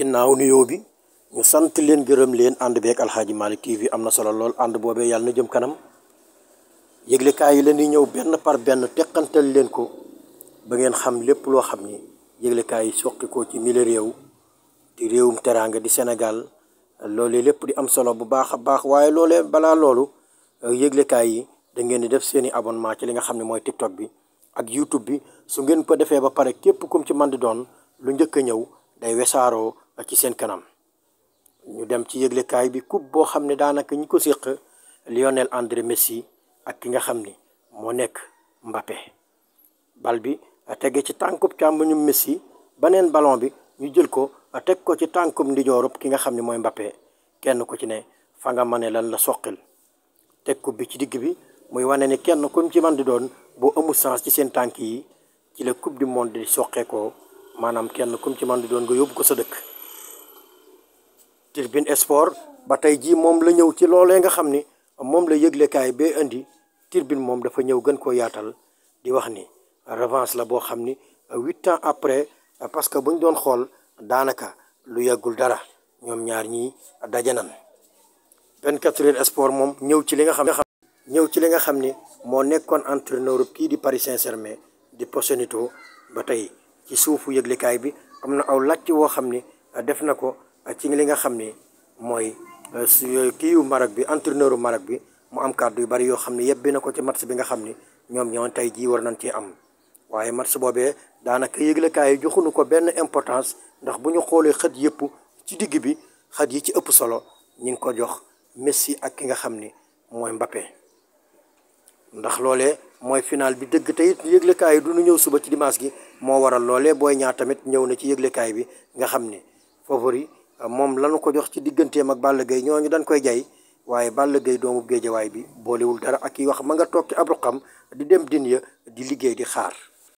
ginnaaw nuyoo bi ñu sant leen gërëm leen ànd beeg Alxaaji Malick TV am na solo lool ànd boobee yàlla na jëm kanam yëglekaay yi leen di ñëw benn par benn teqantal leen ko ba ngeen xam lépp loo xam ni yëglekaay yi soqi ci mille réew di réewum teraanga di Sénégal loolee lépp di am solo bu baax a baax waaye loolee balaa loolu yëglekaay yi da ngeen di def seen i abonnement ci li nga xam ne mooy TikTok bi ak YouTube bi su ngeen ko defee ba pare képp kum ci man di doon lu njëkk a ñëw ci seen kanam ñu dem ci yëglekaay bi coupe boo xam ne daanaka ñu ko séq Lionel André Messi ak ki nga xam ni moo nekk Mbappé bal bi tege ci tànkub càmmoñu Messi beneen ballon bi ñu jël ko teg ko ci tànkub ndijoorub ki nga xam ne mooy Mbappé kenn ku ci ne fa nga ma ne lan la soqil teg coupe bi ci digg bi muy wane ni kenn kum ci man di doon boo amul chance ci seen tànk yi ci la coupe du monde di soqeekoo maanaam kenn kum ci man di doon nga yóbbu ko sa dëkk tribune sport ba tey jii moom la ñëw ci loolee nga xam ni moom la yëglekaay bee indi tribune moom dafa ñëw gën ko yaatal di wax ni revanche la boo xam ni huit ans après parce que bu ñu doon xool daanaka lu yàggul dara ñoom ñaar ñii daje nan. 24 heures sport moom ñëw ci li nga xam ñëw ci li nga xam ni moo nekkoon entre entraîneur kii di Paris saint di Pochettino ba tey ci suufu yëglekaay bi am na aw làcc woo xam ni def na ko. ci li nga xam ni mooy euh, su euh, kii yu bi entraîneur u Maroc bi mu am kàdd yu bari yoo xam ne yebbi na ko ci match bi nga xam ni ñoom ñoo tey jii war nañ cee am waaye match boobee daanaka yëglekaay yi joxuñu ko benn importance ndax bu ñu xoolee xët yëpp ci digg bi xët yi ci ëpp solo ñu ngi ko jox Messi ak ki nga xam ni mooy Mbappé ndax loolee mooy final bi dëgg te it yëglekaay yi du ñu ñëw suba ci dimanche gi moo waral loolee booy ñaar tamit ñëw na ci yëglekaay bi nga xam ni favori moom lanu ko jox ci digganteem ak Balla Gaye ñooñu dañ koy jay waaye Balla Gaye doomu géejawaay bi boolewul dara ak yi wax ma nga toog ci ab ruqam di dem din ya di liggéey di xaar